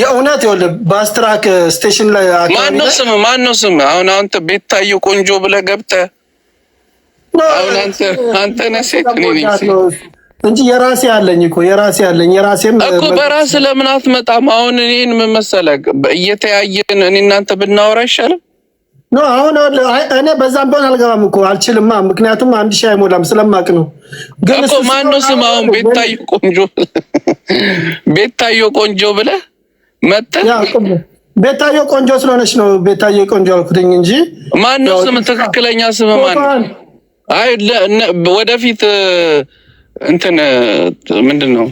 የእውነት ይኸውልህ በአስትራክ ስቴሽን ላይ ማነው ስም ማነው ስም? አሁን አንተ ቤታዬ ቆንጆ ብለህ ገብተህ አሁን አንተ አንተ ነህ ሴት ነኝ እንጂ የራሴ አለኝ እኮ የራሴ አለኝ። የራሴም እኮ በራስ ለምን አትመጣም? አሁን እኔን ምን መሰለህ እየተያየን እኔ እናንተ ብናወራ አይሻልም? ኖ አሁን እኔ በዛም ቢሆን አልገባም እኮ አልችልማ። ምክንያቱም አንድ ሺህ አይሞላም ስለማቅ ነው። ግን እኮ ማነው ስም? አሁን ቤታዬ ቆንጆ ቤታዬ ቆንጆ ብለህ ቤታዬ ቆንጆ ስለሆነች ነው ቤታዬ ቆንጆ አልኩትኝ እንጂ ማነው ስም ትክክለኛ ስም ማን? አይ ወደፊት እንትን ምንድን ነው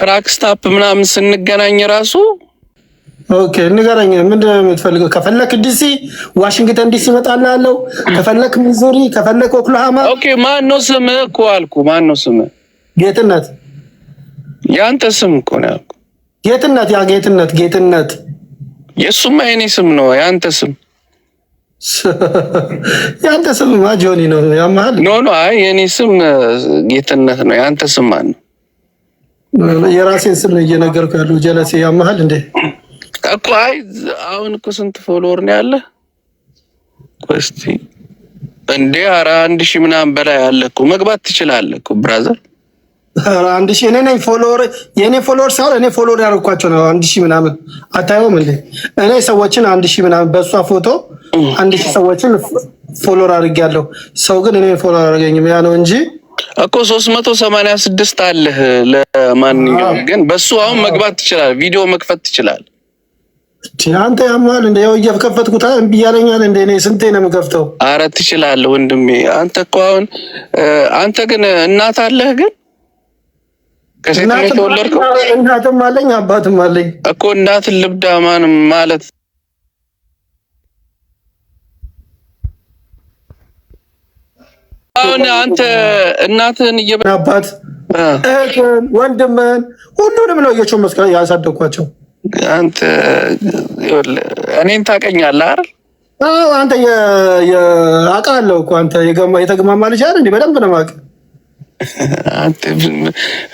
ትራክስታፕ ምናምን ስንገናኝ ራሱ ኦኬ ንገረኝ። ምንድን ነው የምትፈልገው? ከፈለክ ዲሲ ዋሽንግተን ዲሲ እመጣልህ ከፈለክ ሚዙሪ፣ ከፈለክ ኦክላሃማ። ኦኬ ማን ነው እኮ ጌትነት። ያንተ ስም እኮ ነው ጌትነት ያ ጌትነት ጌትነት የእሱማ የኔ ስም ነው። የአንተ ስም የአንተ ስም ማ ጆኒ ነው ያመሃል። ኖ ኖ፣ አይ የኔ ስም ጌትነት ነው። የአንተ ስም ማን የራሴን ስም ነው እየነገርኩ ያሉ ጀለሴ ያመሃል እንዴ እኮ። አይ አሁን እኮ ስንት ፎሎወር ነው ያለ? እስቲ እንዴ፣ ኧረ አንድ ሺህ ምናምን በላይ አለ እኮ። መግባት ትችላለህ እኮ ብራዘር አንድ ሺህ እኔ ነኝ ፎሎወር የእኔ ፎሎወር ሳይሆን እኔ ፎሎወር ያደርኳቸው ነው። አንድ ሺህ ምናምን አታየውም እንዴ? እኔ ሰዎችን አንድ ሺህ ምናምን በእሷ ፎቶ አንድ ሺህ ሰዎችን ፎሎወር አድርጌያለሁ። ሰው ግን እኔ ፎሎወር አደረገኝም። ያ ነው እንጂ እኮ ሶስት መቶ ሰማንያ ስድስት አለህ። ለማንኛውም ግን በእሱ አሁን መግባት ትችላል፣ ቪዲዮ መክፈት ትችላል። አንተ ያማል እንደ ያው እየከፈትኩት እያለኛል እንደ እኔ ስንቴ ነው የምከፍተው? አረ ትችላለህ ወንድሜ። አንተ እኮ አሁን አንተ ግን እናት አለህ ግን ከሴት የተወለድከው? እናትም አለኝ አባትም አለኝ እኮ። እናት ልብዳ ማን ማለት አሁን አንተ እናትህን እየበ አባት እህትን ወንድምህን ሁሉንም ነው እየቾመስከ ያሳደግኳቸው። አንተ እኔን ታቀኛለህ አይደል? አዎ አንተ አውቃለሁ እኮ አንተ የተግማማ ልጅ አይደል? እንዴ? በደንብ ነው የማውቅ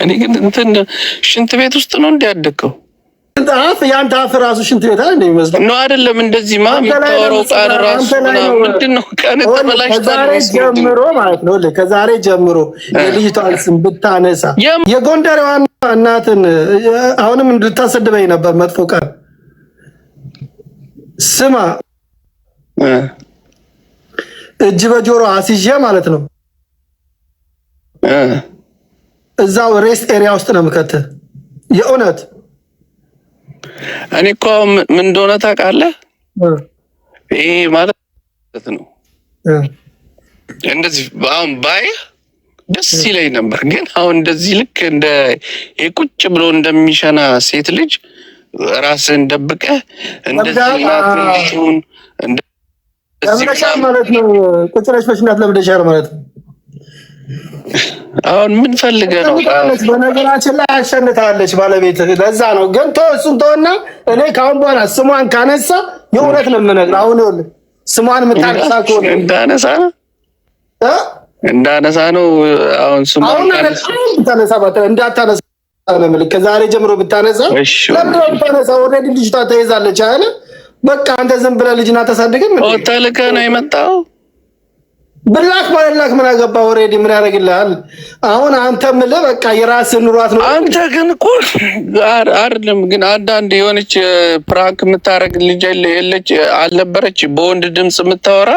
እኔ ግን እንትን ሽንት ቤት ውስጥ ነው እንዲ ያደግከው። የአንተ አፍ ራሱ ሽንት ቤት አይደል የሚመስለው? ነው አይደለም? እንደዚህ ማ የሚታወራው ቃል ራሱ ምንድን ነው? ቀን ተበላሽታል። ጀምሮ ማለት ነው ከዛሬ ጀምሮ የልጅቷን ስም ብታነሳ የጎንደሬዋን እናትን አሁንም እንድታሰድበኝ ነበር። መጥፎ ቃል ስማ፣ እጅ በጆሮ አስይዤ ማለት ነው እዛው ሬስት ኤሪያ ውስጥ ነው የምከትህ። የእውነት እኔ እኮ ምን እንደሆነ ታውቃለህ? ይሄ ማለት ነው እንደዚህ አሁን ባይ ደስ ይለኝ ነበር፣ ግን አሁን እንደዚህ ልክ እንደ የቁጭ ብሎ እንደሚሸና ሴት ልጅ ራስን ደብቀህ እንደዚህ ናትሽን ማለት ነው ቁጭ ብለሽ መሽናት ለምደሻል ማለት ነው አሁን ምን ፈልገ ነው? በነገራችን ላይ አሸንታለች ባለቤት። ለዛ ነው ግን ቶ እሱን ተወና፣ እኔ ከአሁን በኋላ ስሟን ካነሳ የእውነት ነው የምነግርህ። አሁን ይኸውልህ ስሟን የምታነሳ ከሆነ እንዳነሳ ነው እንዳነሳ ነው። አሁን ስሟን ታነሳ እንዳታነሳ ነው የምልህ። ከዛሬ ጀምሮ ብታነሳ ለምንድን ነው ብታነሳ? ኦልሬዲ ልጅቷ ተይዛለች አለ። በቃ አንተ ዝም ብለህ ልጅና ተሳድገን ተልከ ነው የመጣው ብላክ ባለላክ ምን አገባ? ኦልሬዲ ምን ያደርግልሃል? አሁን አንተ ምል በቃ የራስ ኑሯት ነው። አንተ ግን እኮ አይደለም ግን አንዳንድ የሆነች ፕራንክ የምታደርግ ልጅ የለች አልነበረች? በወንድ ድምፅ የምታወራ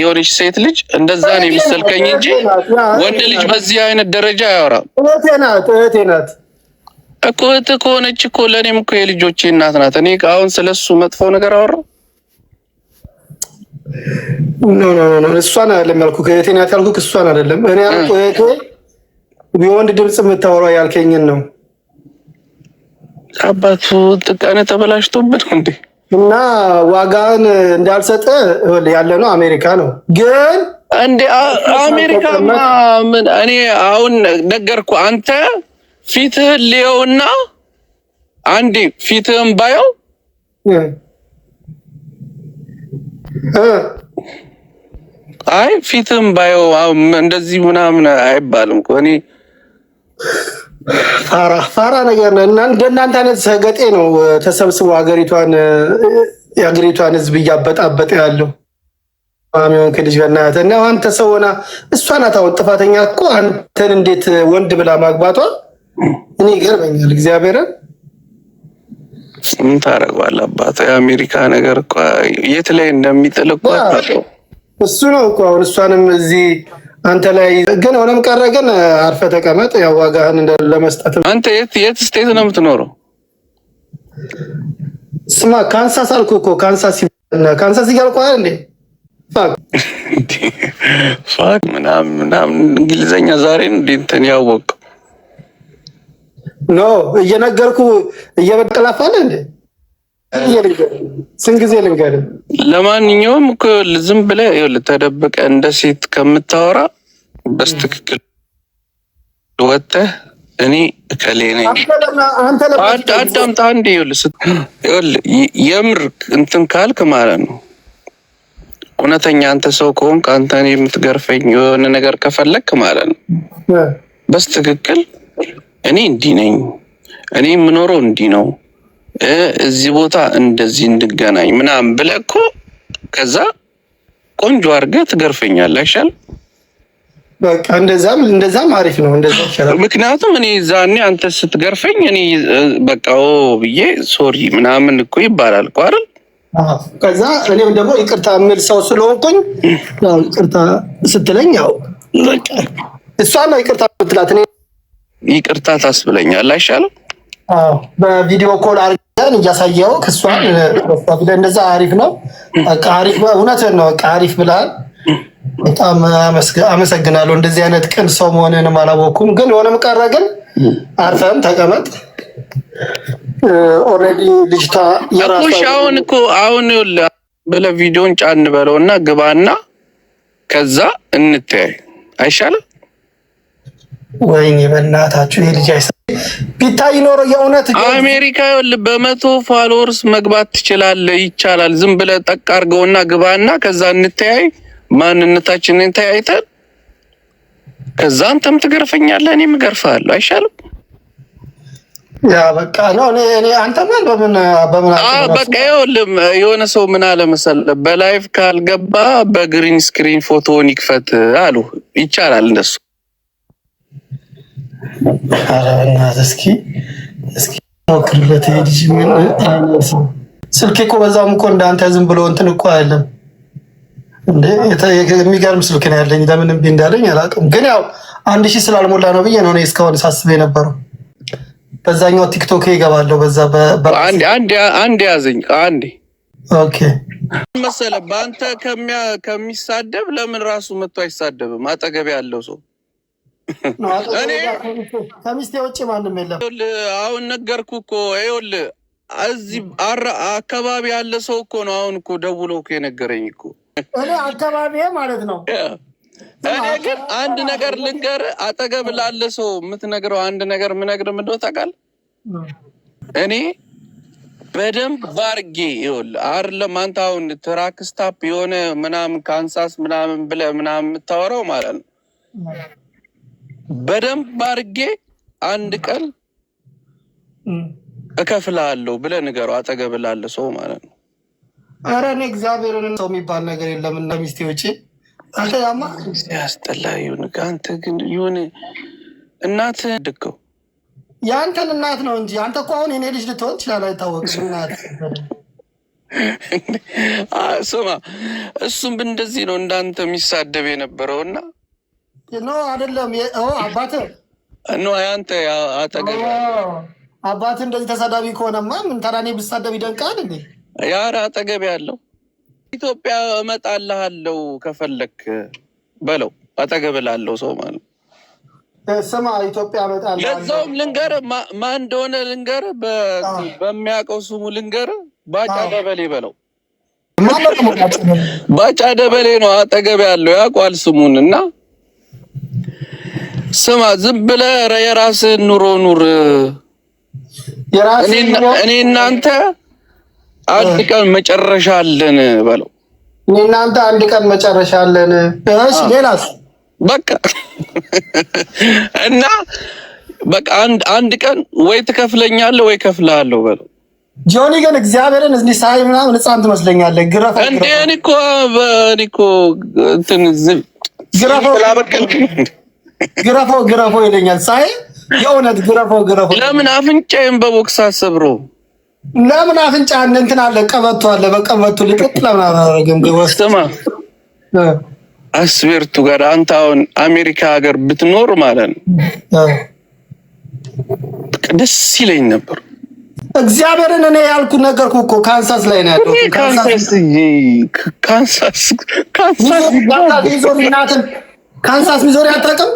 የሆነች ሴት ልጅ እንደዛ ነው የምሰልከኝ እንጂ ወንድ ልጅ በዚህ አይነት ደረጃ አያወራም። እህቴ ናት፣ እህቴ ናት እኮ እህት ከሆነች እኮ ለእኔም እኮ የልጆቼ እናት ናት። እኔ አሁን ስለሱ መጥፎ ነገር አወራው እሷን አይደለም ያልኩ እህቴን ያት ያልኩ እሷን አይደለም እኔ ያልኩ እህቴ የወንድ ድምፅ የምታወራው ያልከኝን ነው። አባቱ ጥቃኔ ተበላሽቶብን እንዴ እና ዋጋን እንዳልሰጠ ያለ ነው። አሜሪካ ነው ግን እንዴ አሜሪካ ምን እኔ አሁን ነገርኩ። አንተ ፊትህን ልየውና አንዴ ፊትህን ባየው አይ ፊትም ባዮ እንደዚህ ምናምን አይባልም እኮ እኔ ፋራ ፋራ ነገር ነው። እንደ እናንተ አይነት ሰገጤ ነው ተሰብስቦ ሀገሪቷን የሀገሪቷን ህዝብ እያበጣበጠ ያለው ማሚሆን ከልጅ በናያተ እና አንተ ሰው ሆና እሷ ናት አሁን ጥፋተኛ እኮ አንተን እንዴት ወንድ ብላ ማግባቷ እኔ ይገርመኛል እግዚአብሔርን ምን ታደርገዋለህ አባት፣ የአሜሪካ ነገር እኮ የት ላይ እንደሚጥል እኮ እሱ ነው እኮ አሁን እሷንም እዚህ አንተ ላይ ግን ሆነም ቀረ ግን አርፈ ተቀመጥ። ያው ዋጋህን ለመስጠት አንተ የት የት ስቴት ነው የምትኖረው? ስማ ካንሳስ አልኩ እኮ ካንሳስ ካንሳስ ይጋልኳ እንዴ ፋክ ምናምን ምናምን እንግሊዘኛ ዛሬ እንዴ እንትን ያወቅ ኖ እየነገርኩ እየበቀላፋለ እንዴ ስንት ጊዜ ልንገር? ለማንኛውም ዝም ብለህ ተደብቀ እንደ ሴት ከምታወራ በስትክክል ወጥተህ እኔ እከሌ ነኝ አዳምጣ። አንድ የምር እንትን ካልክ ማለት ነው እውነተኛ አንተ ሰው ከሆንክ አንተ የምትገርፈኝ የሆነ ነገር ከፈለግክ ማለት ነው በስትክክል እኔ እንዲህ ነኝ፣ እኔ የምኖረው እንዲህ ነው፣ እዚህ ቦታ እንደዚህ እንድገናኝ ምናምን ብለህ እኮ ከዛ ቆንጆ አድርገህ ትገርፈኛለህ። አይሻልም? በቃ እንደዛም እንደዛም አሪፍ ነው። እንደዛ ይሻላል። ምክንያቱም እኔ ዛኔ አንተ ስትገርፈኝ እኔ በቃ ኦ ብዬ ሶሪ ምናምን እኮ ይባላል እኮ አይደል? ከዛ እኔም ደግሞ ይቅርታ የምል ሰው ስለሆንኩኝ ይቅርታ ስትለኝ ያው እሷ ነው ይቅርታ ምትላት እኔ ይቅርታ ታስብለኛል አይሻልም? በቪዲዮ ኮል አድርገን እያሳየው ክሷን እንደዛ አሪፍ ነው። አሪፍ እውነት ነው። አሪፍ ብላል። በጣም አመሰግናለሁ። እንደዚህ አይነት ቅን ሰው መሆንንም አላወኩም። ግን የሆነም ቀረ ግን አርፈም ተቀመጥ። ኦልሬዲ ልጅታ የራሱ አሁን እኮ አሁን ብለህ ቪዲዮን ጫን በለው እና ግባና ከዛ እንተያይ አይሻልም? ወይኔ በእናታችሁ ይሄ ልጅ አይሰ ቢታይ ኖሮ የእውነት አሜሪካ በመቶ ፋሎወርስ መግባት ትችላለህ። ይቻላል። ዝም ብለህ ጠቅ አድርገውና ግባና ከዛ እንተያይ፣ ማንነታችንን እንተያይተን ከዛ አንተም ትገርፈኛለህ፣ እኔም እገርፍሃለሁ። አይሻልም? ያ በቃ ነው። እኔ እኔ አንተ ማለት በምን በምን አዎ፣ በቃ ይኸውልህ፣ የሆነ ሰው ምን አለ መሰለህ፣ በላይቭ ካልገባ በግሪን ስክሪን ፎቶውን ይክፈት አሉ። ይቻላል እንደሱ እስኪ እስኪ ሞክርበት። ሄድሽ ምን አይነት ስልክ እኮ በዛም እኮ እንዳንተ ዝም ብሎ እንትን እኮ አይደለም የሚገርም ስልክ ነው ያለኝ። ለምን እምቢ እንዳለኝ አላውቅም፣ ግን ያው አንድ ሺህ ስላልሞላ ነው ብዬ ነው እኔ እስካሁን ሳስብ የነበረው። በዛኛው ቲክቶክ ይገባለሁ። በዛ አንዴ ያዘኝ አንዴ ኦኬ መሰለ በአንተ ከሚሳደብ ለምን ራሱ መጥቶ አይሳደብም? አጠገብ ያለው ሰው ከሚስቴ ውጭ ማንም የለም። አሁን ነገርኩ እኮ ይኸውልህ፣ እዚህ አካባቢ ያለ ሰው እኮ ነው አሁን እኮ ደውሎ እኮ የነገረኝ እኮ እኔ አካባቢ ማለት ነው። እኔ ግን አንድ ነገር ልንገር፣ አጠገብ ላለ ሰው የምትነግረው አንድ ነገር ምነግር ምንድነው ታውቃለህ? እኔ በደንብ ባርጌ ይኸውልህ፣ አይደለም አንተ አሁን ትራክስታፕ የሆነ ምናምን ካንሳስ ምናምን ብለህ ምናምን የምታወራው ማለት ነው በደንብ አድርጌ አንድ ቀን እከፍላለሁ ብለህ ንገረው። አጠገብህ ላለ ሰው ማለት ነው። ኧረ እኔ እግዚአብሔርን ሰው የሚባል ነገር የለም። እና ሚስቴ ውጭ ያስጠላ ይሁን። አንተ ግን ይሁን እናት ድገው የአንተን እናት ነው እንጂ አንተ እኮ አሁን የኔ ልጅ ልትሆን ትችላለህ፣ አይታወቅም። እናት ስማ፣ እሱም እንደዚህ ነው እንዳንተ የሚሳደብ የነበረውና ኖ አይደለም። አባትህ ኖ አንተ አጠገብ አባትህ እንደዚህ ተሳዳቢ ከሆነማ ምን ታዲያ ብሳደብ ይደንቃል እንዴ? ያረ አጠገብ ያለው ኢትዮጵያ እመጣልሃለሁ ከፈለክ በለው። አጠገብ ላለው ሰው ማለት ስማ፣ ኢትዮጵያ እመጣለሁ። ለዛውም ልንገርህ፣ ማን እንደሆነ ልንገርህ፣ በሚያውቀው ስሙ ልንገርህ፣ ባጫ ደበሌ በለው። ባጫ ደበሌ ነው አጠገብ ያለው ያውቋል ስሙን እና ስማ፣ ዝም ብለህ የራስህን ኑሮ ኑር። እኔ እናንተ አንድ ቀን መጨረሻ አለን በለው። እኔ እናንተ አንድ ቀን መጨረሻ አለን። እሺ፣ ሌላስ? በቃ እና በቃ አንድ አንድ ቀን ወይ ትከፍለኛለህ ወይ እከፍልሃለሁ በለው። ጆኒ ግን እግዚአብሔርን እዚህ ሳይ ምናምን ህፃን ትመስለኛለህ። ግረፈ እንዴ! እኔ እኮ እኔ እኮ እንትን ዝም ግረፈ ግረፎ ግረፎ ይለኛል። ሳይ የእውነት ግረፎ ግረፎ። ለምን አፍንጫዬን በቦክስ አሰብሮ ለምን አፍንጫ እንትን አለ ቀበቶ አለ በቀበቶ ሊቀጥ ለምን አላረግም? ግወስተማ አስቤርቱ ጋር አንተ አሁን አሜሪካ ሀገር ብትኖር ማለት ነው ደስ ይለኝ ነበር። እግዚአብሔርን እኔ ያልኩ ነገርኩ እኮ ካንሳስ ላይ ነው ያለው። ካንሳስ ካንሳስ ካንሳስ ሚዞሪ አታውቅም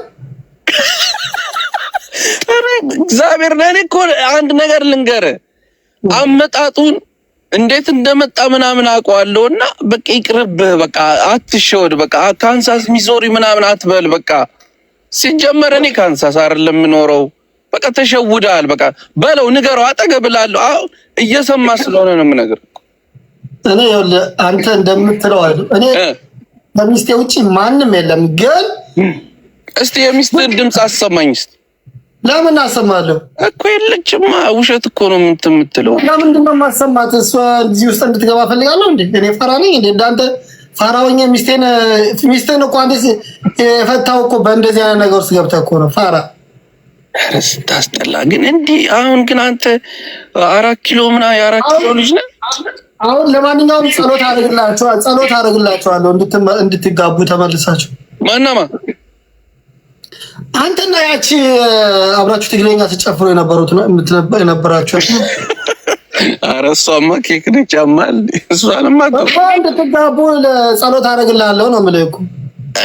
እግዚአብሔር ለእኔ እኮ አንድ ነገር ልንገር፣ አመጣጡን እንዴት እንደመጣ ምናምን አውቀዋለሁ እና በቃ ይቅርብህ፣ በቃ አትሸወድ፣ በቃ ካንሳስ ሚዞሪ ምናምን አትበል። በቃ ሲጀመር እኔ ካንሳስ አይደለም የምኖረው። በቃ ተሸውዳል። በቃ በለው፣ ንገረው፣ አጠገብህ ላለሁ አሁን እየሰማ ስለሆነ ነው የምነግርህ። እኔ ይኸውልህ አንተ እንደምትለው እኔ ከሚስቴ ውጭ ማንም የለም ግን እስቲ የሚስትህን ድምፅ አሰማኝ። ስ ለምን አሰማለሁ እኮ የለችማ። ውሸት እኮ ነው ምንት የምትለው። ለምንድን ነው የማሰማት? እሷ እዚህ ውስጥ እንድትገባ ፈልጋለሁ እንዴ? እኔ ፈራ ነኝ እንዴ? እንዳንተ ፈራ ሆኜ ሚስቴን ሚስቴን እኮ አንዴ የፈታው እኮ በእንደዚህ አይነት ነገር ውስጥ ገብተህ እኮ ነው ፈራ ስታስጠላ ግን እንዲህ አሁን ግን አንተ አራት ኪሎ ምና የአራት ኪሎ ልጅ ነህ። አሁን ለማንኛውም ጸሎት አደርግላችኋል ጸሎት አደርግላችኋለሁ እንድትጋቡ ተመልሳችሁ ማናማ አንተና ያቺ አብራችሁ ትግለኛ ስጨፍሮ የነበሩት የምትነበር የነበራቸው ኧረ እሷማ ኬክ ነች ጫማል እሷንማ ትጋቡ ጸሎት አደርግልሃለሁ ነው የምልህ እኮ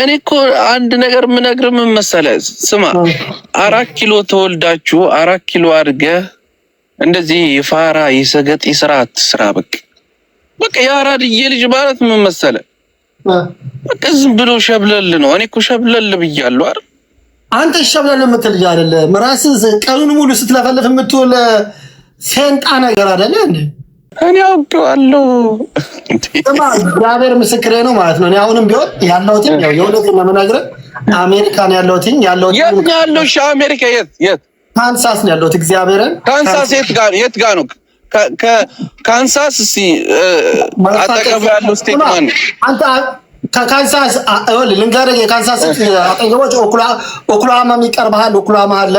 እኔ እኮ አንድ ነገር ምነግር ምን መሰለህ ስማ አራት ኪሎ ተወልዳችሁ አራት ኪሎ አድርገህ እንደዚህ የፋራ የሰገጥ ስራ አትስራ በቃ በቃ የአራድዬ ልጅ ማለት ምን መሰለህ በቃ ዝም ብሎ ሸብለል ነው እኔ እኮ ሸብለል ብያለሁ አይደል አንተ ይሻላል የምትልጅ አይደለም። ራስህ ቀኑን ሙሉ ስትለፈልፍ የምትውል ሴንጣ ነገር አይደለ እንዴ? እኔ አውቄዋለሁ። እግዚአብሔር ምስክሬ ነው ማለት ነው። እኔ አሁንም ቢሆን ያለሁትኝ የእውነቴን ነው የምነግርህ። አሜሪካን ያለሁትኝ ያለሁት የት ነው ያለው? አሜሪካ የት የት? ካንሳስ ነው ያለሁት። እግዚአብሔርን ካንሳስ የት ጋር የት ጋር ነው? ካንሳስ እስኪ አጠገብ ያለው ስቴት ማን አንተ ከካንሳስ አሁን ልንገርህ፣ የካንሳስ አጠገቦች ኦክላሃማ የሚቀርብሃል፣ ኦክላሃማ አለ።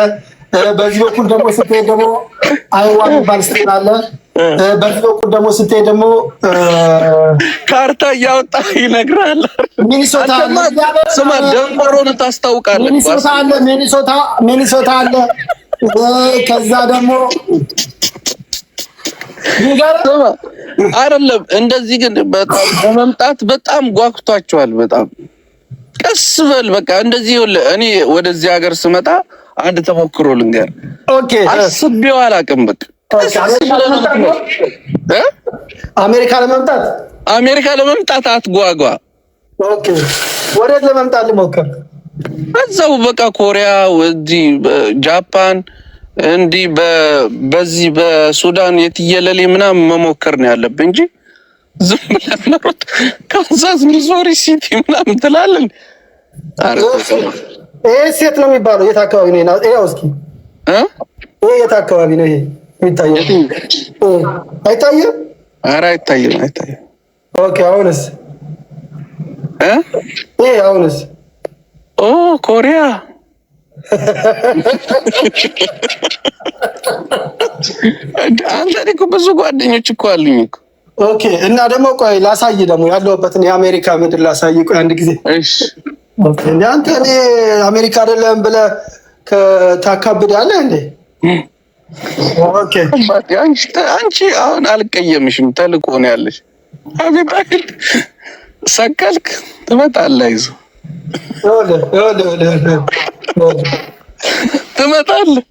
በዚህ በኩል ደግሞ ስትሄድ ደግሞ አይዋ የሚባል ስቴት አለ። በዚህ በኩል ደግሞ ስትሄድ ደግሞ ካርታ እያወጣ ይነግራል። ሚኒሶታ ስማ፣ ደንቆሮን ታስታውቃለህ። ሚኒሶታ አለ፣ ሚኒሶታ አለ። ከዛ ደግሞ አይደለም እንደዚህ ግን በመምጣት በጣም ጓጉቷቸዋል። በጣም ቀስ በል በቃ እንደዚህ እኔ ወደዚህ ሀገር ስመጣ አንድ ተሞክሮ ልንገር። ኦኬ አስቤው አላውቅም። በቃ አሜሪካ ለመምጣት አሜሪካ ለመምጣት አትጓጓ። ኦኬ ወዴት ለመምጣት ልሞክር? እዛው በቃ ኮሪያ፣ ወዲህ ጃፓን እንዲህ በዚህ በሱዳን የትየለሌ ምናምን መሞከር ነው ያለብህ እንጂ ዝም ብለህ መሮጥ ካንሳስ፣ ሚዞሪ ሲቲ ምናምን ትላለን። ይሄ ሴት ነው የሚባለው። የት አካባቢ ነው ይኸው? እስኪ ይሄ የት አካባቢ ነው ይሄ የሚታየው? አይታየም። አረ አይታየም፣ አይታየም። ኦኬ። አሁንስ ይሄ አሁንስ? ኦ ኮሪያ አንተ እኮ ብዙ ጓደኞች እኮ አሉኝ። ኦኬ። እና ደግሞ ቆይ ላሳይ ደግሞ ያለሁበትን የአሜሪካ ምድር ላሳይ። ቆይ አንድ ጊዜ እሺ አንተ እኔ አሜሪካ አይደለም ብለህ ታካብዳለህ እንዴ? አንቺ አሁን አልቀየምሽም። ተልቆ ነው ያለሽ። አቤባክል ሰቀልክ ትመጣለህ ይዞ ትመጣለህ።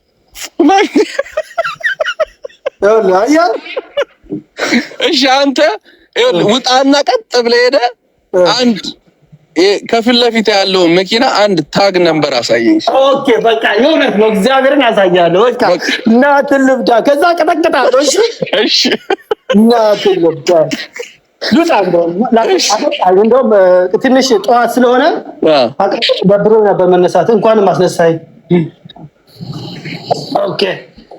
እሺ አንተ ውጣና ቀጥ ብለህ ሄደህ አንድ ከፊት ለፊት ያለውን መኪና አንድ ታግ ነንበር አሳየኝ። ኦኬ በቃ የእውነት ነው፣ እግዚአብሔርን ያሳያለሁ። በቃ እናትን ልብዳ፣ ከዛ ቀጠቅጣለሁ። እሺ፣ እናትን ልብዳ እንደውም ትንሽ ጠዋት ስለሆነ ደብሮ በመነሳት እንኳንም አስነሳኝ። ኦኬ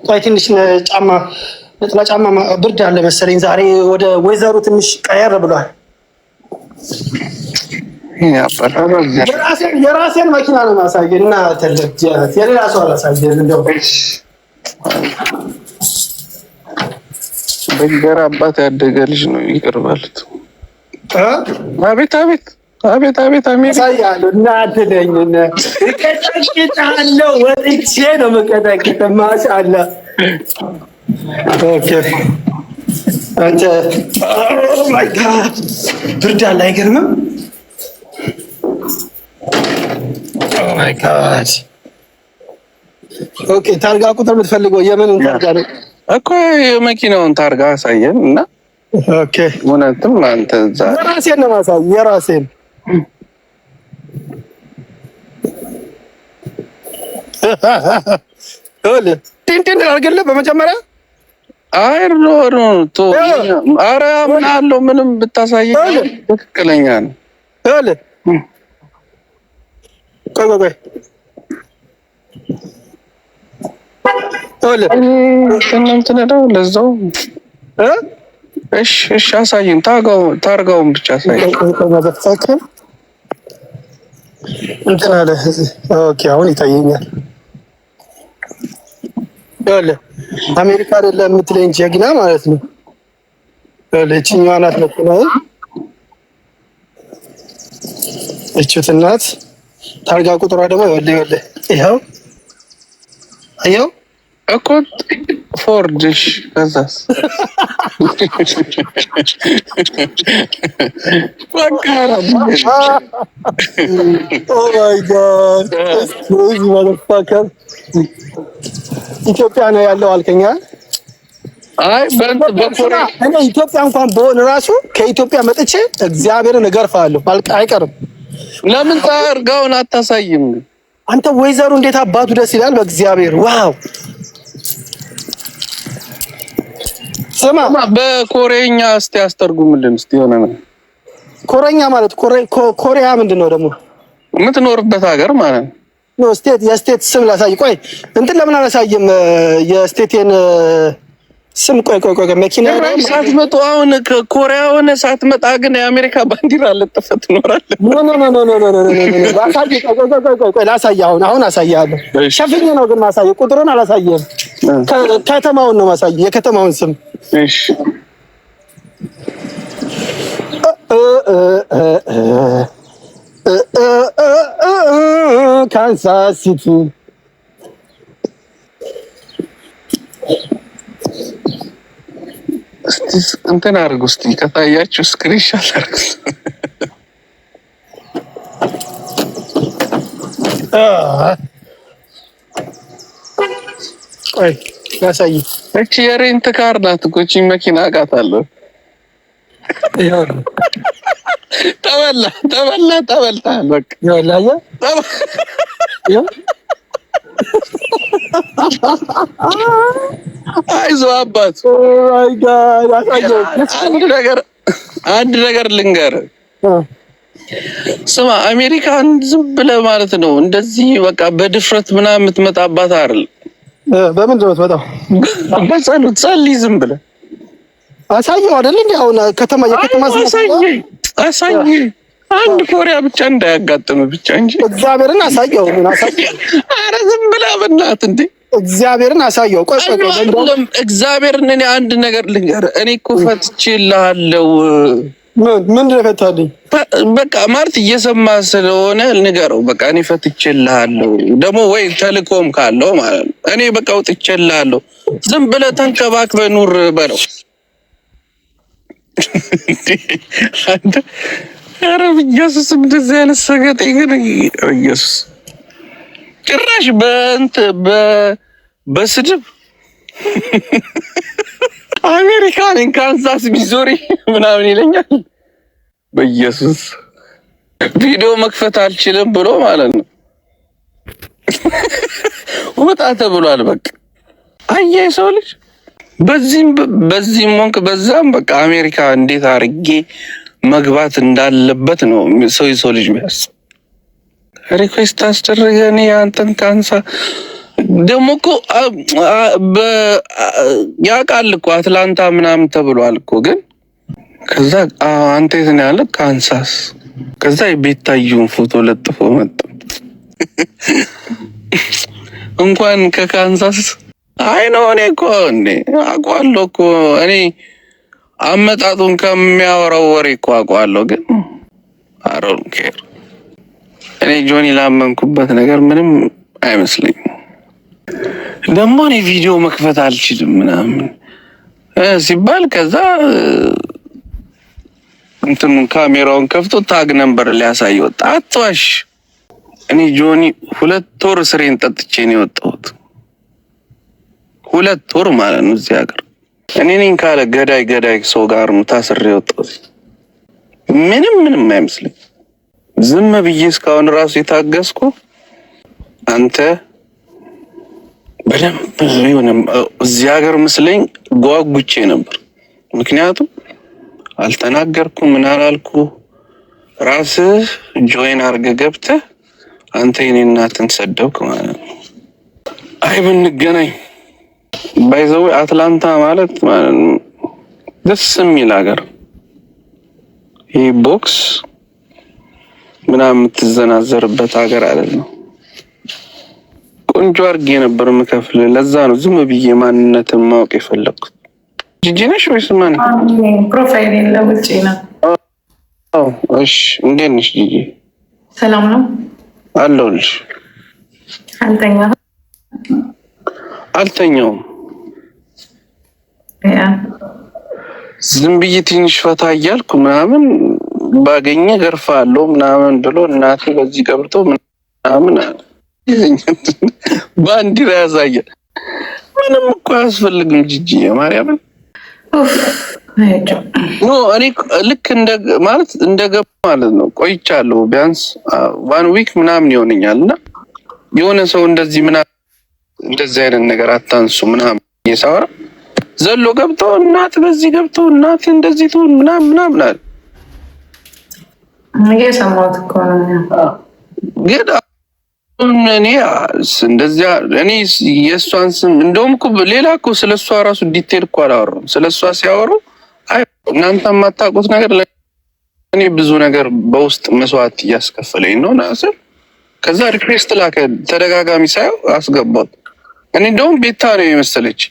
ቆይ ትንሽ ጫማ ነጥላ ጫማ ብርድ አለ መሰለኝ ዛሬ። ወደ ወይዘሩ ትንሽ ቀየር ብሏል። የራሴን መኪና ነው ማሳየ እና ተለጀት የሌላ ሰው አላሳየ እንደው በእንጀራ አባት ያደገ ልጅ ነው። ይቅር ማለት አቤት አቤት አቤት አቤት አሜሳያሉ እናድለኝ ቀጠቅጣለው ወጥቼ ነው መቀጠቅጥ ማሻአላ ብርድ አለ አይገርምም። ታርጋ ቁጥር የምትፈልገው የምን ታርጋ ነው? እኮ የመኪናውን ታርጋ አሳየን እና እውነትም አንተ እዛ የራሴን ነው የማሳየው የራሴን ቲንቲን አድርግልህ በመጀመሪያ አይሮሮ ቶ አረ ምን አለው ምንም ብታሳይ ትክክለኛ ነው። ቶል ቆይ ቆይ ነው ለዛው እሺ፣ እሺ አሳይን። ታርጋውን ብቻ አሳይን። እንትን አለ። ኦኬ፣ አሁን ይታየኛል። ያለ አሜሪካ አይደለም የምትለኝ ጀግና ማለት ነው። ናት እችት እናት ታርጋ ቁጥሯ ደግሞ ወለ ወለ ይኸው ይኸው እኮ ፎርድ እሺ፣ ከዛስ ኢትዮጵያ ነው ያለው አልከኛ። ኢትዮጵያ እንኳን በሆን እራሱ ከኢትዮጵያ መጥቼ እግዚአብሔርን እገርፋለሁ፣ አይቀርም። ለምን ታርጋውን አታሳይም? አንተ ወይዘሩ እንዴት አባቱ ደስ ይላል! በእግዚአብሔር ዋው ስማ በኮሬኛ እስቲ አስተርጉምልን እስቲ የሆነ ነው። ኮሬኛ ማለት ኮሪያ ምንድን ነው ደግሞ? የምትኖርበት ሀገር ማለት ነው። ስቴት የስቴት ስም ላሳይ። ቆይ እንትን ለምን አላሳይም? የስቴቴን ስም ቆይ ቆይ ቆይ፣ መኪና ሳትመጡ አሁን ከኮሪያ ሆነ ሳትመጣ ግን የአሜሪካ ባንዲራ ልጥፈት ትኖራለህ። ኖ ኖ ኖ ኖ ኖ ኖ አሳይ። ቆይ ቆይ ቆይ ቆይ፣ ላሳይህ አሁን አሁን አሳይሃለሁ። ሸፍኜ ነው ግን ማሳየህ፣ ቁጥሩን አላሳየህም። ከተማውን ነው ማሳየህ፣ የከተማውን ስም እሺ ካንሳስ ሲቲ እንትን አድርጉ እስቲ ከታያችሁ ስክሪንሻት አድርጉ። አይ ያሳይ። እቺ የሬንት ካር ናት እኮ እቺ መኪና አውቃታለሁ። ተበላ ተበላ ተበልተሃል። በቃ ይኸውልህ፣ አይዞ አባት። አንድ ነገር ልንገር ስማ፣ አሜሪካን ዝም ብለህ ማለት ነው እንደዚህ በቃ በድፍረት ምናምን የምትመጣባት አይደል በምን ዘመት በጣም በጸሎት ጸልይ። ዝም ብለህ አሳየው አይደል እንዴ? አሁን ከተማ የከተማ አሳየ አሳየ። አንድ ኮሪያ ብቻ እንዳያጋጥም ብቻ እንጂ እግዚአብሔርን አሳየው። ምን አሳየ? አረ ዝም ብለህ በእናትህ እንዴ! እግዚአብሔርን አሳየው። ቆይ ቆይ፣ እግዚአብሔርን እኔ አንድ ነገር ልንገርህ። እኔ እኮ ፈትቼልሃለሁ ምንድን ነው በቃ ማርት እየሰማ ስለሆነ ንገረው። በቃ እኔ ፈትቼልሃለሁ። ደግሞ ወይ ተልኮም ካለው ማለት ነው። እኔ በቃ ውጥቼልሃለሁ። ዝም ብለህ ተንከባክበህ ኑር በለው። ኧረ ኢየሱስ፣ እንደዚህ አይነት ሰገጤ ግን ኢየሱስ ጭራሽ በእንትን በስድብ አሜሪካን ካንሳስ ሚዙሪ ምናምን ይለኛል። በኢየሱስ ቪዲዮ መክፈት አልችልም ብሎ ማለት ነው። ወጣ ተብሏል። በቃ አየ ሰው ልጅ በዚህም በዚህም ወንክ በዛም በቃ አሜሪካ እንዴት አርጌ መግባት እንዳለበት ነው ሰው የሰው ልጅ ቢያስ ሪኩዌስት አስደረገን የአንተን ካንሳ ደግሞ እኮ ያውቃል እኮ አትላንታ ምናምን ተብሏል እኮ ግን ከዛ አንተ የት ነው ያለ ካንሳስ። ከዛ የቤታዩን ፎቶ ለጥፎ መጣ። እንኳን ከካንሳስ አይ ነው እኔ እኮ እኔ አውቀዋለሁ እኮ እኔ አመጣጡን ከሚያወራው ወሬ እኮ አውቀዋለሁ፣ ግን አሮን ኬር እኔ ጆኒ ላመንኩበት ነገር ምንም አይመስለኝም። ደግሞ እኔ ቪዲዮ መክፈት አልችልም ምናምን ሲባል ከዛ እንትኑን ካሜራውን ከፍቶ ታግ ነንበር ሊያሳይ ወጣ። አትዋሽ። እኔ ጆኒ ሁለት ወር ስሬን ጠጥቼ ነው የወጣሁት። ሁለት ወር ማለት ነው እዚህ ሀገር። እኔ ነኝ ካለ ገዳይ ገዳይ ሰው ጋር ነው ታስሬ የወጣሁት። ምንም ምንም አይመስልም። ዝም ብዬ እስካሁን ራሱ የታገስኩ አንተ በደንብ የሆነ እዚህ ሀገር ምስለኝ ጓጉቼ ነበር። ምክንያቱም አልተናገርኩ ምን አላልኩ። ራስህ ጆይን አርገ ገብተህ አንተ የኔ እናትን ሰደብክ ማለት ነው። አይ ብንገናኝ ባይዘዌ አትላንታ ማለት ደስ የሚል ሀገር ይህ ቦክስ ምናምን የምትዘናዘርበት ሀገር አይደለም። ቆንጆ አድርጌ ነበር የምከፍል። ለዛ ነው ዝም ብዬ ማንነትን ማወቅ የፈለግኩት። ጂጂ ነሽ ወይስ ማን? ፕሮፋይል የለም ነው። እሺ፣ እንዴት ነሽ ጂጂ? ሰላም ነው አለሁልሽ። አልተኛሁም አልተኛውም። ዝም ብዬ ትንሽ ፈታ እያልኩ ምናምን ባገኘ ገርፋ አለው ምናምን ብሎ እናቴ በዚህ ቀብርቶ ምናምን አለ ባንዲራ ያሳያል። ምንም እኮ አያስፈልግም። ጅጅ ማርያምን ኖ እኔ ልክ ማለት እንደገባ ማለት ነው። ቆይቻለሁ ቢያንስ ዋን ዊክ ምናምን ይሆንኛል እና የሆነ ሰው እንደዚህ ምና እንደዚህ አይነት ነገር አታንሱ ምናምን እየሳወራ ዘሎ ገብቶ እናት በዚህ ገብቶ እናት እንደዚህ ትሆን ምናምን ምናምን አለ ግን እኔ እንደዚያ እኔ የእሷን ስም እንደውም እኮ ሌላ እኮ ስለ እሷ ራሱ ዲቴል እኮ አላወራም። ስለ እሷ ሲያወሩ እናንተ የማታውቁት ነገር እኔ ብዙ ነገር በውስጥ መስዋዕት እያስከፈለኝ ነው ናስል። ከዛ ሪኩዌስት ላከ ተደጋጋሚ ሳየው አስገባት። እኔ እንደውም ቤታ ነው የመሰለች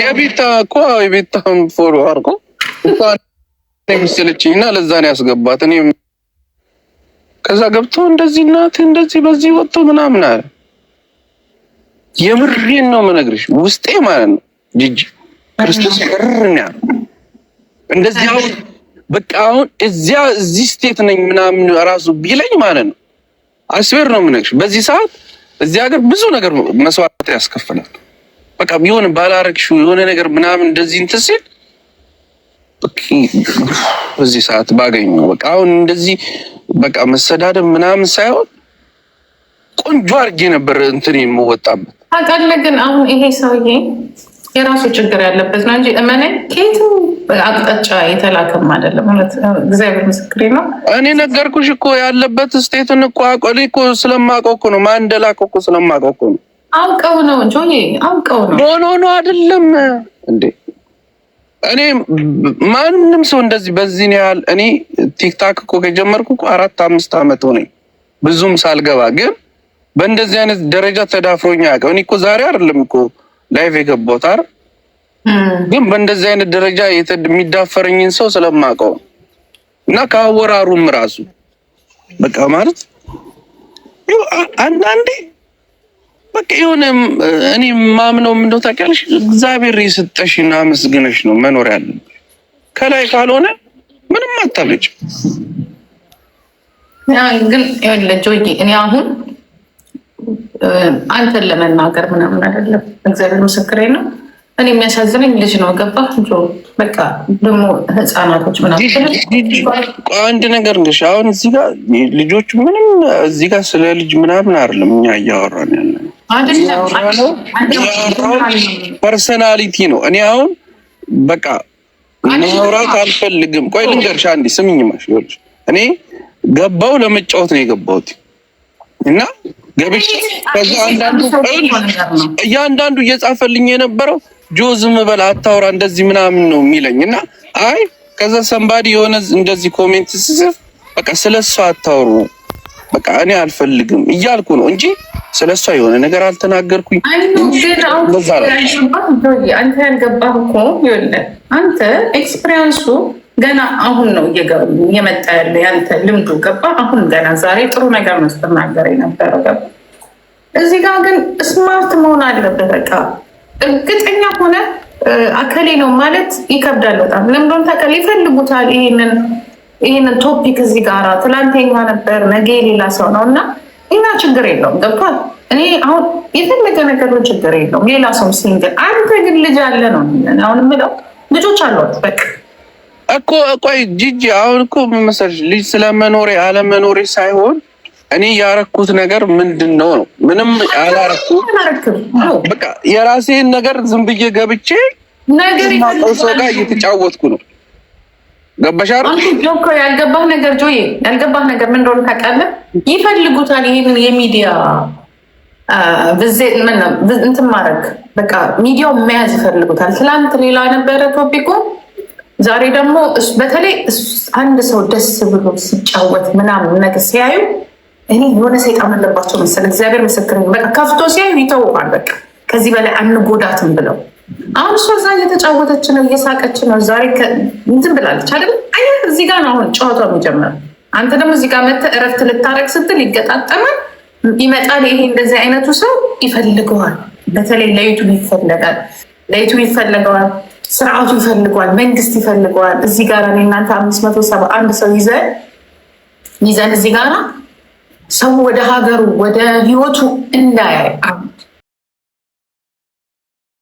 የቤታ እኮ የቤታ ፎሎ አድርጎ የመሰለችኝ እና ለዛ ነው ያስገባት እኔ ከዛ ገብቶ እንደዚህ እናት እንደዚህ በዚህ ወጥቶ ምናምን አለ። የምሬን ነው የምነግርሽ፣ ውስጤ ማለት ነው ጂጂ ክርስቶስ ቅርና እንደዚህ አሁን በቃ አሁን እዚያ እዚህ ስቴት ነኝ ምናምን ራሱ ቢለኝ ማለት ነው አስቤር ነው የምነግርሽ። በዚህ ሰዓት እዚህ ሀገር ብዙ ነገር መስዋዕት ያስከፍላል። በቃ ቢሆን ባላረግሽው የሆነ ነገር ምናምን እንደዚህ እንትን ሲል በዚህ ሰዓት ባገኝ ነው በቃ አሁን እንደዚህ በቃ መሰዳደብ ምናምን ሳይሆን ቆንጆ አድርጌ ነበር እንትን የምወጣበት። አቃለ ግን አሁን ይሄ ሰውዬ የራሱ ችግር ያለበት ነው እንጂ እመነ ከየትም አቅጣጫ የተላከም አይደለም። እግዚአብሔር ምስክሬ ነው። እኔ ነገርኩሽ እኮ ያለበት ስቴትን እኮ እኔ እኮ ስለማቆኩ ነው። ማን እንደላከው እኮ ነው። አውቀው ነው እንጂ አውቀው ነው። ኖ ኖ ኖ አይደለም እንዴ እኔ ማንም ሰው እንደዚህ በዚህ ያህል እኔ ቲክታክ እኮ ከጀመርኩ አራት አምስት ዓመት ሆነኝ ብዙም ሳልገባ ግን በእንደዚህ አይነት ደረጃ ተዳፍሮኛ ያውቀው እኔ እኮ ዛሬ አይደለም እኮ ላይፍ የገባሁት አይደል ግን በእንደዚህ አይነት ደረጃ የሚዳፈረኝን ሰው ስለማውቀው እና ከአወራሩም ራሱ በቃ ማለት አንዳንዴ በቃ የሆነ እኔ ማምነው ምንደው ታውቂያለሽ፣ እግዚአብሔር የሰጠሽ እና አመስግነሽ ነው መኖር ያለ። ከላይ ካልሆነ ምንም አታብለጭ። ግን ለጆ እኔ አሁን አንተን ለመናገር ምናምን አይደለም፣ እግዚአብሔር ምስክሬ ነው። እኔ የሚያሳዝነኝ ልጅ ነው። ገባህ? በቃ ደግሞ ህፃናቶች አንድ ነገር ልሽ አሁን እዚህ ጋር ልጆቹ ምንም እዚህ ጋር ስለ ልጅ ምናምን አይደለም እኛ እያወራን ፐርሰናሊቲ ነው። እኔ አሁን በቃ ማውራት አልፈልግም። ቆይ ልንገርሽ አንዴ ስምኝ ማሽሎች እኔ ገባው ለመጫወት ነው የገባሁት እና ገብሽ ከዛ አንዳንዱ እያንዳንዱ እየጻፈልኝ የነበረው ጆ ዝም በል አታውራ እንደዚህ ምናምን ነው የሚለኝ እና አይ ከዛ ሰንባዲ የሆነ እንደዚህ ኮሜንት ስጽፍ በቃ ስለሷ አታውሩ በቃ እኔ አልፈልግም እያልኩ ነው እንጂ ስለሷ የሆነ ነገር አልተናገርኩኝ። አንተ ያልገባህ እኮ ይኸውልህ፣ አንተ ኤክስፔሪንሱ ገና አሁን ነው እየመጣ ያለ ያንተ ልምዱ ገባ። አሁን ገና ዛሬ ጥሩ ነገር ነው ስትናገር የነበረው ገባ። እዚህ ጋር ግን ስማርት መሆን አለብህ። በቃ እርግጠኛ ሆነ አከሌ ነው ማለት ይከብዳል በጣም ለምዶን ተቀል ይፈልጉታል ይሄንን ይህንን ቶፒክ እዚህ ጋር ትላንት ትላንቴኛ ነበር፣ ነገ የሌላ ሰው ነው እና ሌላ ችግር የለውም። ገብቷል። እኔ አሁን የፈለገ ነገሩ ችግር የለውም። ሌላ ሰው ሲንግል፣ አንተ ግን ልጅ አለ ነው አሁን የምለው ልጆች አሏት በቃ እኮ ቆይ ጂጂ አሁን እኮ ምን መሰለሽ ልጅ ስለመኖሬ አለመኖሬ ሳይሆን እኔ ያረኩት ነገር ምንድን ነው ነው ምንም አላረኩም። በቃ የራሴን ነገር ዝም ብዬ ገብቼ ሰው ጋር እየተጫወትኩ ነው። ገባሻር እኮ ያልገባህ ነገር ጆይ ያልገባህ ነገር ምን እንደሆነ ታውቃለህ? ይፈልጉታል ይህንን የሚዲያ እንትን ማድረግ በቃ ሚዲያው መያዝ ይፈልጉታል። ትላንት ሌላ ነበረ ቶፒኩ፣ ዛሬ ደግሞ በተለይ አንድ ሰው ደስ ብሎ ሲጫወት ምናምን ነገር ሲያዩ እኔ የሆነ ሰይጣን አለባቸው መሰለህ። እግዚአብሔር ምስክር በቃ ከፍቶ ሲያዩ ይተውቃል። በቃ ከዚህ በላይ አንጎዳትም ብለው አሁን እሷ እዛ እየተጫወተች ነው፣ እየሳቀች ነው። ዛሬ እንትን ብላለች አይደል? አይ እዚህ ጋር ነው አሁን ጨዋታ የሚጀምረው። አንተ ደግሞ እዚህ ጋር መተህ እረፍት ልታረግ ስትል ይገጣጠማል፣ ይመጣል። ይሄ እንደዚህ አይነቱ ሰው ይፈልገዋል። በተለይ ለዩቱብ ይፈለጋል፣ ለዩቱብ ይፈልገዋል፣ ስርዓቱ ይፈልገዋል፣ መንግስት ይፈልገዋል። እዚህ ጋር እኔ እናንተ አምስት መቶ ሰባ አንድ ሰው ይዘን ይዘን እዚህ ጋር ሰው ወደ ሀገሩ ወደ ህይወቱ እንዳያይ